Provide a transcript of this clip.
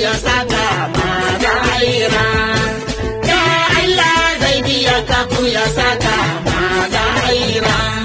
ya saka mata haira ya Allah zai biya kafu ya saka mata haira